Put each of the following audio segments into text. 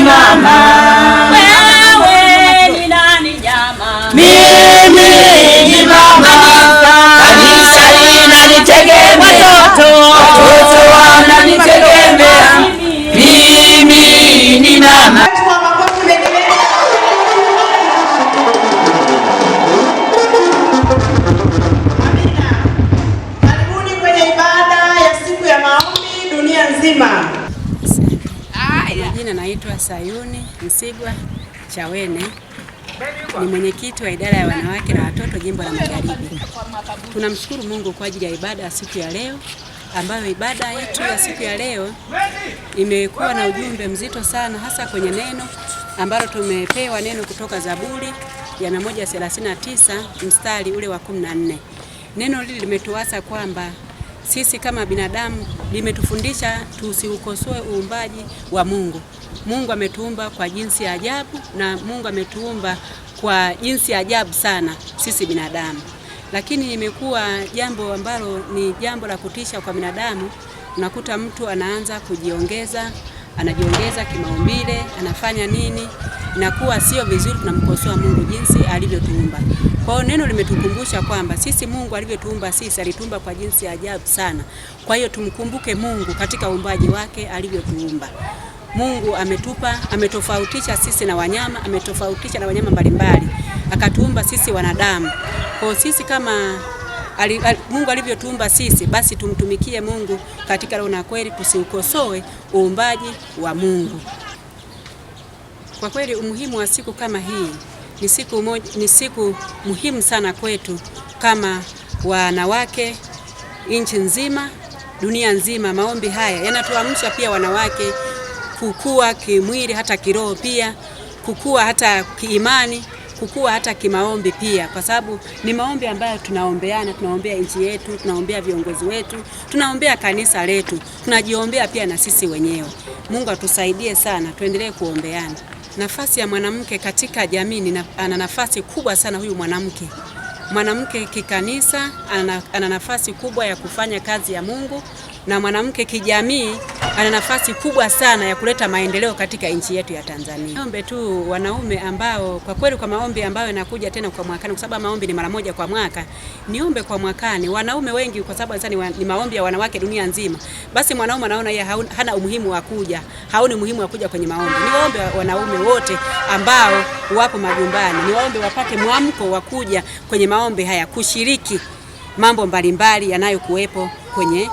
nani mama? Wewe ni nani jamaa? Mimi ni mama. Kanisa linanitegemea. Watoto. Kawene ni mwenyekiti wa idara ya wanawake na watoto jimbo la Magharibi. Tunamshukuru Mungu kwa ajili ya ibada ya siku ya leo ambayo ibada yetu ya siku ya leo imekuwa na ujumbe mzito sana, hasa kwenye neno ambalo tumepewa neno kutoka Zaburi ya 139 mstari ule wa 14. Neno lili limetuasa kwamba sisi kama binadamu, limetufundisha tusiukosoe uumbaji wa Mungu. Mungu ametuumba kwa jinsi ya ajabu, na Mungu ametuumba kwa jinsi ya ajabu sana sisi binadamu, lakini imekuwa jambo ambalo ni jambo la kutisha kwa binadamu. Unakuta mtu anaanza kujiongeza, anajiongeza kimaumbile, anafanya nini, inakuwa sio vizuri, tunamkosoa Mungu jinsi alivyotuumba. Kwa hiyo neno limetukumbusha kwamba sisi Mungu alivyotuumba sisi alituumba kwa jinsi ya ajabu sana. Kwa hiyo tumkumbuke Mungu katika uumbaji wake alivyotuumba. Mungu ametupa, ametofautisha sisi na wanyama, ametofautisha na wanyama mbalimbali, akatuumba sisi wanadamu. Kwa sisi kama ali, al, Mungu alivyotuumba sisi, basi tumtumikie Mungu katika roho na kweli, tusiukosoe uumbaji wa Mungu. Kwa kweli umuhimu wa siku kama hii ni siku moja, ni siku muhimu sana kwetu kama wanawake nchi nzima, dunia nzima. Maombi haya yanatuamsha pia wanawake kukua kimwili, hata kiroho pia, kukua hata kiimani, kukua hata kimaombi pia, kwa sababu ni maombi ambayo tunaombeana, tunaombea nchi yetu, tunaombea viongozi wetu, tunaombea kanisa letu, tunajiombea pia na sisi wenyewe. Mungu atusaidie sana, tuendelee kuombeana. Nafasi ya mwanamke katika jamii, ana nafasi kubwa sana huyu mwanamke mwanamke kikanisa ana nafasi kubwa ya kufanya kazi ya Mungu, na mwanamke kijamii ana nafasi kubwa sana ya kuleta maendeleo katika nchi yetu ya Tanzania. Ombe tu wanaume ambao kwa kweli, kwa maombi ambayo yanakuja tena kwa mwakani, kwa sababu maombi ni mara moja kwa mwaka, niombe kwa mwakani wanaume wengi, kwa sababu sasa ni maombi ya wanawake dunia nzima, basi mwanaume anaona yeye hana umuhimu wa kuja, haoni umuhimu wa kuja kwenye maombi. Niombe wanaume wote ambao wapo majumbani, niwaombe wapate mwamko wa kuja kwenye maombi haya kushiriki mambo mbalimbali yanayokuwepo kwenye,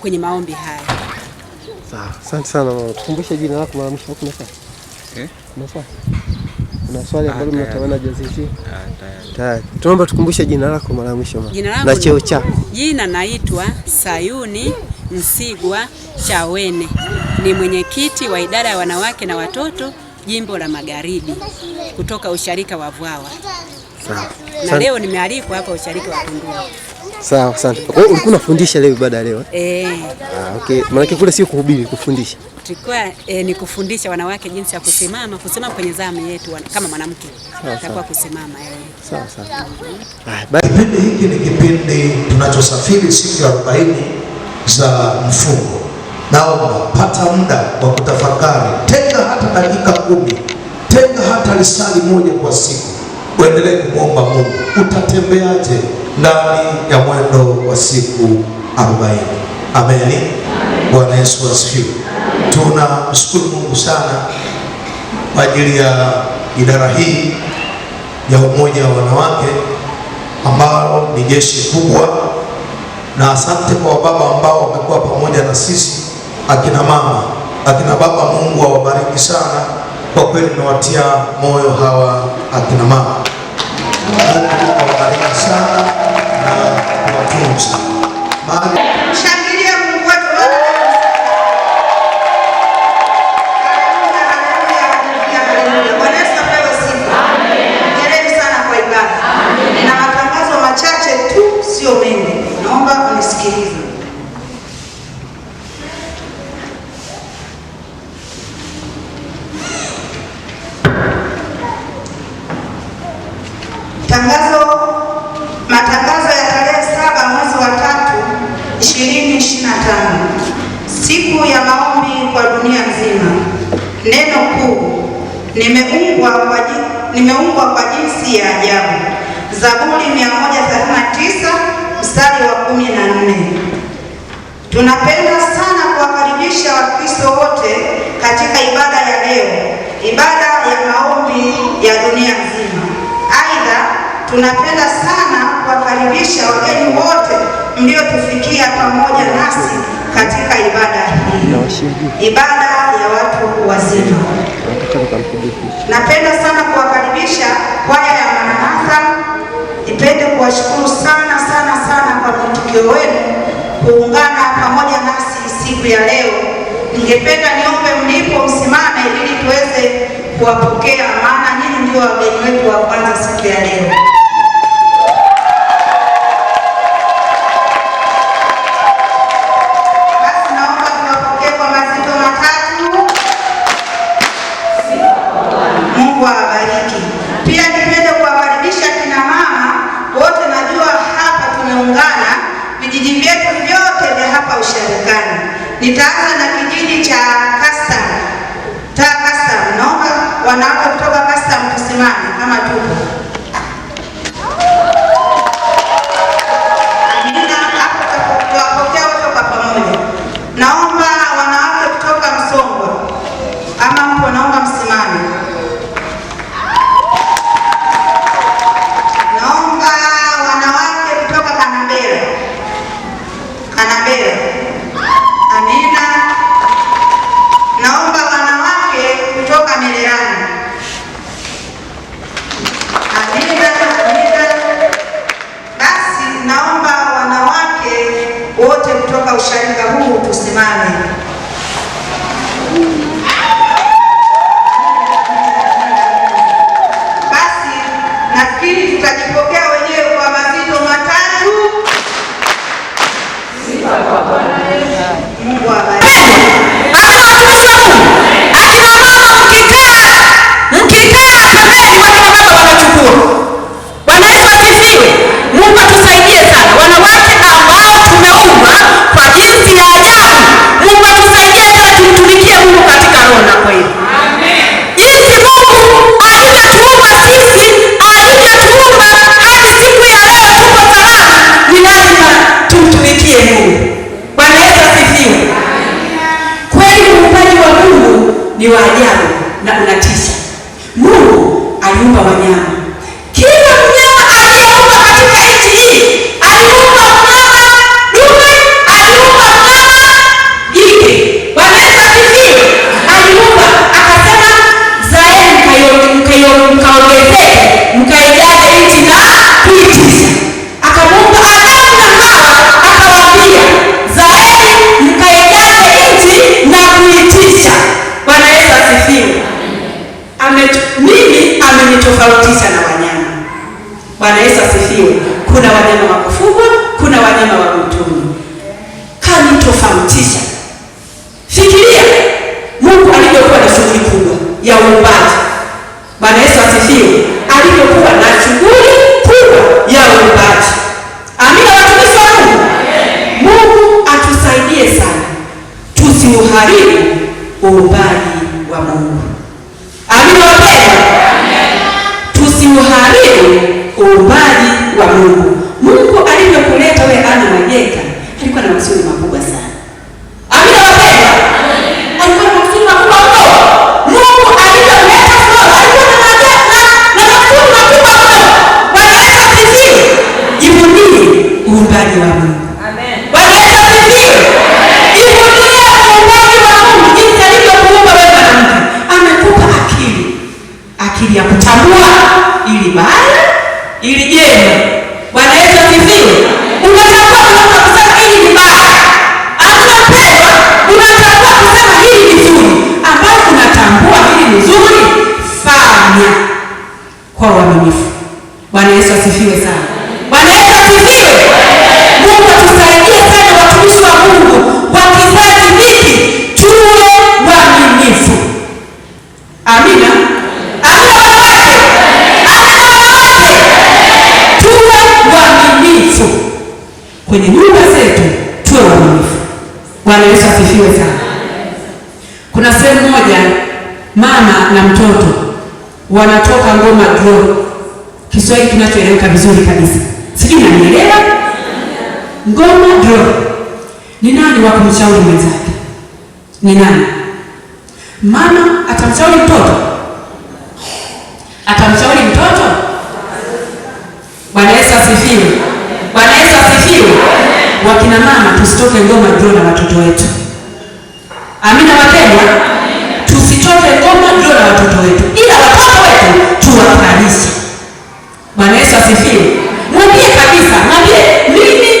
kwenye maombi haya. Asante sana mama. Tukumbushe jina lako mwisho kuna swali. Eh? Kuna swali. Kuna swali ah, ambalo ah, tayari. Tunaomba tukumbushe jina lako mara mwisho mama. Na cheo chako. Jina naitwa Sayuni Msigwa Chawene. Ni mwenyekiti wa idara ya wanawake na watoto jimbo la Magharibi kutoka usharika wa Vwawa. Sawa. Na leo nimealikwa hapa usharika wa Tunduru. Sawa, asante. Kwa hiyo ulikuwa unafundisha leo ya leo? Eh. eh. Ah, okay. Maana kule sio kuhubiri, kufundisha. Tulikuwa e, ni kufundisha wanawake jinsi ya kusimama, kusimama kwenye zamu yetu kama mwanamke. Atakuwa kusimama yeye. Eh. Sawa sawa. Ah, kipindi hiki ni kipindi tunachosafiri siku ya 40 za mfungo. Naomba pata muda wa kutafakari, tenga hata dakika kumi, tenga hata risali moja kwa siku, uendelee kumwomba Mungu. Utatembeaje? ndani ya mwendo wa siku arobaini. Ameni. Bwana Yesu asifiwe. Tunamshukuru Mungu sana kwa ajili ya idara hii ya umoja wa wanawake ambao ni jeshi kubwa, na asante kwa baba ambao wamekuwa pamoja na sisi, akina mama, akina baba. Mungu awabariki sana kwa kweli, nawatia moyo hawa akina mama. Mungu awabariki sana. りました。Tunapenda sana kuwakaribisha wageni wote mliotufikia pamoja nasi katika ibada hii, ibada ya watu wazima. Napenda sana kuwakaribisha kwaya ya Maranatha. Nipende kuwashukuru sana sana sana kwa mtukio wenu kuungana pamoja nasi siku ya leo. Ningependa niombe mlipo msimame ili tuweze kuwapokea, maana nyinyi ndio wageni wetu wa kwanza siku ya leo. Nitaanza na kijiji cha Kastam, ta Kastam. Naomba wanawake kutoka Kastam tusimame kama tupo. ushirika huu tusimame wa ajabu na unatisha. Mungu aliumba wanyama isiwe. Kuna wanyama wa kufugwa, kuna wanyama wa mwituni. Kanitofautisha uundani wa Mungu. kwenye nyumba zetu tuwe waaminifu. Bwana Yesu asifiwe sana. Kuna sehemu moja mama na mtoto wanatoka ngoma dro, Kiswahili kinachoeleweka vizuri kabisa, sijui nanielewa. Ngoma dro ni nani wa kumshauri mwenzake? Ni nani? Mama atamshauri mtoto, atamshauri mtoto. Bwana Yesu asifiwe. Bwana Yesu asifiwe. Wakina mama, tusitoke ngoma ndio na watoto wetu. Amina wapendwa, tusitoke ngoma ndio na watoto wetu, ila watoto wetu tuwafurahishe. Bwana Yesu asifiwe. Mwambie kabisa, mwambie mimi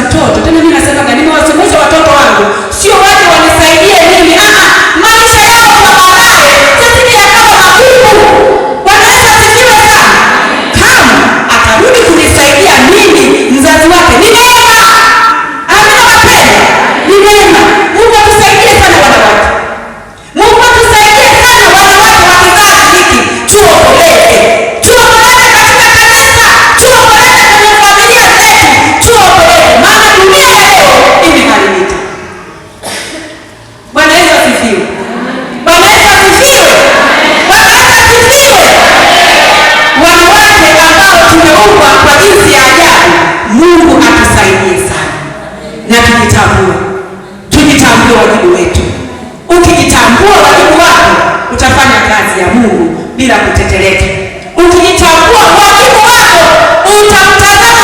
mtoto tena, mimi nasema tumeumbwa kwa jinsi ya ajabu. Mungu atusaidie sana na tujitambue, tujitambue wajibu wetu. Ukijitambua wajibu wako, utafanya kazi ya Mungu bila kutetereka. Ukijitambua wajibu wako utamtazama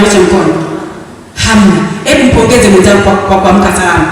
mnyoshe mkono hamna. Hebu mpongeze mwenzangu kwa kuamka salama.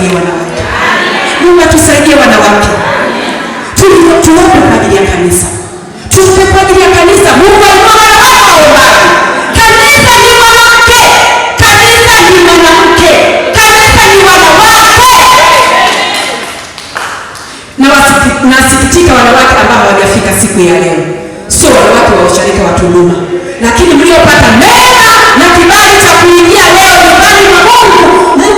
tusaidie wanawake. Mungu atusaidie wanawake. Tuombe kwa ajili ya kanisa. Tuombe kwa ajili ya kanisa. Mungu anaomba. Kanisa ni mwanamke. Kanisa ni mwanamke. Kanisa ni wanawake. Na nasikitika wanawake ambao hawajafika siku ya leo. Sio wanawake wa ushirika wa Tunduma. Lakini mliopata mema na kibali cha kuingia leo nyumbani mwa Mungu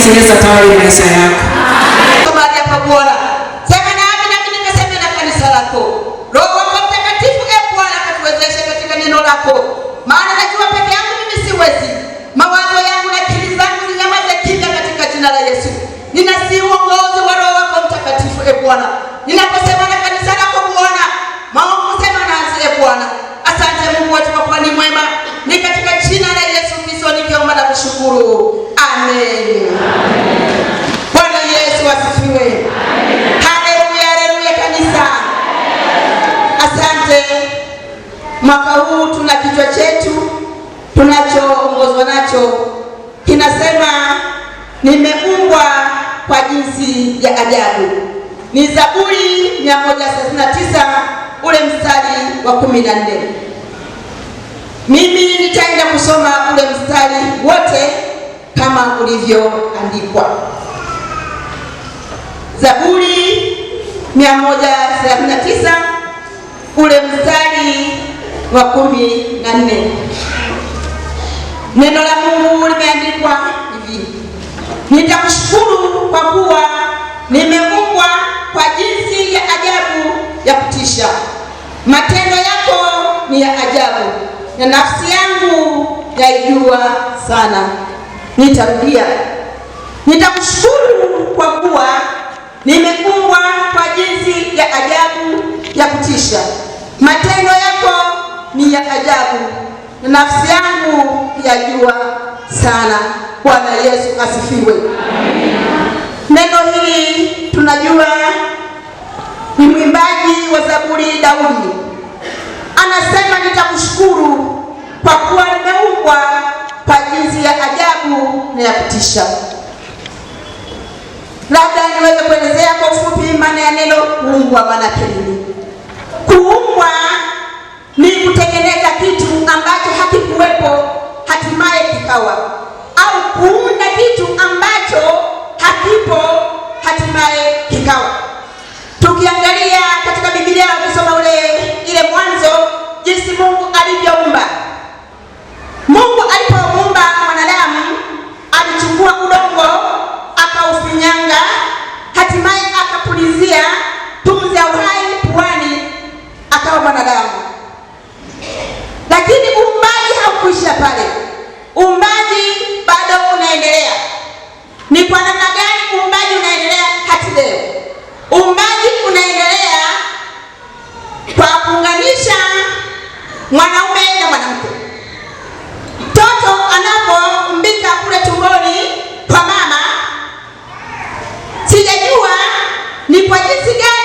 kutekeleza tayari maisha yako. matumizi ya ajabu ni Zaburi 139 ule mstari wa 14. Mimi nitaenda kusoma ule mstari wote kama ulivyoandikwa. Zaburi 139 ule mstari wa 14. Neno la Mungu limeandikwa Nitakushukuru kwa kuwa nimeumbwa kwa jinsi ya ajabu ya kutisha. Matendo yako ni ya ajabu, na nafsi yangu yaijua sana. Nitarudia, nitakushukuru kwa kuwa nimeumbwa kwa jinsi ya ajabu ya kutisha. Matendo yako ni ya ajabu, na nafsi yangu yajua sana. Bwana Yesu asifiwe. Neno hili tunajua ni mwimbaji wa Zaburi Daudi anasema, nitakushukuru kwa kuwa nimeumbwa kwa jinsi ya ajabu na ya kutisha. Labda niweze kuelezea kwa ufupi maana ya neno kuumbwa. Maanake nini? Kuumbwa ni kutengeneza kitu ambacho hakikuwepo hatimaye kikawa, au kuunda kitu ambacho hakipo hatimaye kikawa. Tukiangalia katika Biblia ukisoma ule ile Mwanzo, jinsi Mungu alivyoumba. Mungu alipoumba mwanadamu alichukua udongo akaufinyanga, hatimaye akapulizia pumzi ya uhai puani, akawa mwanadamu, lakini uumbaji haukuisha pale umbaji bado unaendelea. Ni kwa namna gani umbaji unaendelea hadi leo? Umbaji unaendelea kwa kuunganisha mwanaume na mwanamke. Mtoto anapombika kule tumboni kwa mama, sijajua ni kwa jinsi gani